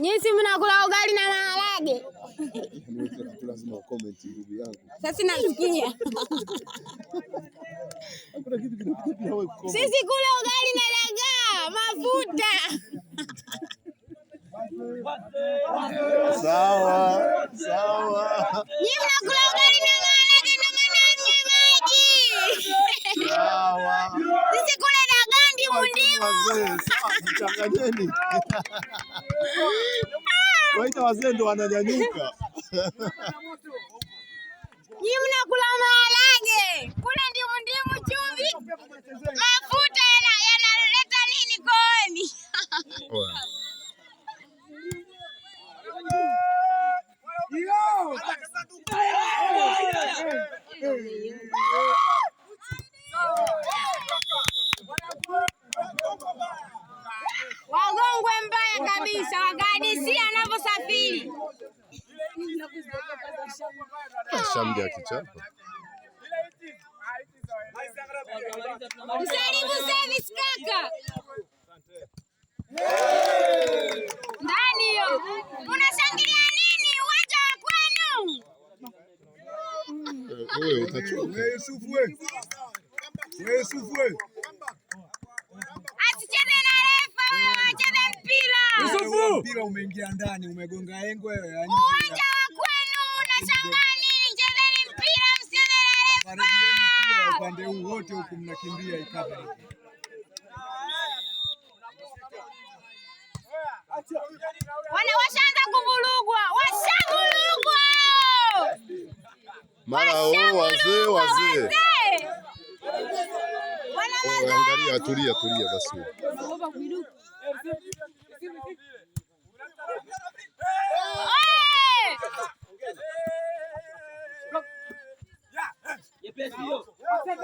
Nyinyi mnakula ugali na maharage. Lazima ucomment ndugu yangu. Sasa nasikia. Hakuna kitu kinapita wewe Sisi kula ugali na dagaa, mafuta. Sawa, sawa. Nyinyi mnakula Changanyeni, waita wazee ndo wananyanyuka. Nyinyi mnakula maharage, kuna ndimu, ndimu, chumvi, mafuta yanaleta nini kooni? kabisa, waganisi anavyosafiri shamdi ya kaka ndani hiyo, unashangilia nini uwanja wa kwenu? Eh, utachoka. mpira umeingia ndani, umegonga engo. Uwanja wa kwenu mnashangaa nini? Jebeni mpira msicheze na refa. Upande huu wote huku mnakimbia ikaba Wana washaanza kuvurugwa, washavurugwa. Mara wao oh, wazee wazee. Angalia, tulia tulia basi. Bahati mbaya,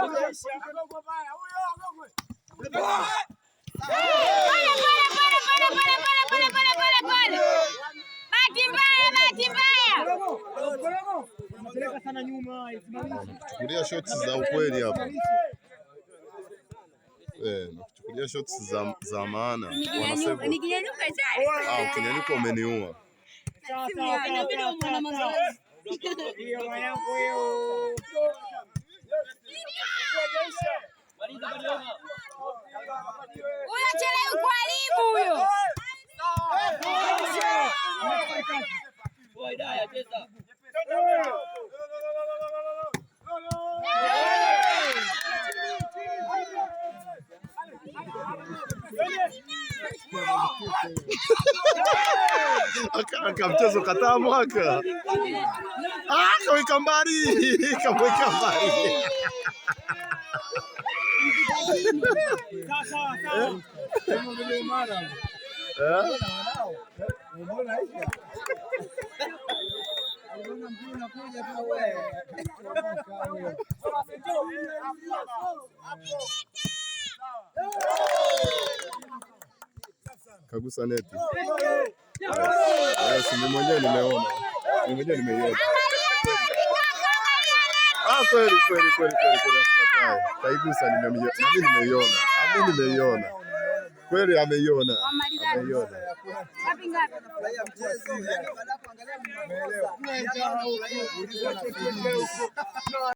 Nakuchukulia shots za ukweli hapa. Eh, nakuchukulia shots za za maana. Wanasema nikinyanyuka tayari. Ah, ukinyanyuka akamcheza kataa mwaka ah, kaweka mbali, kamweka mbali eh? eh? kagusa neti. Yes, Mimi mwenyewe nimeona, mimi mwenyewe nimeiona. Ah, kweli kweli kweli kweli, kaigusa, mimi nimeiona, mimi nimeiona kweli, ameiona, ameiona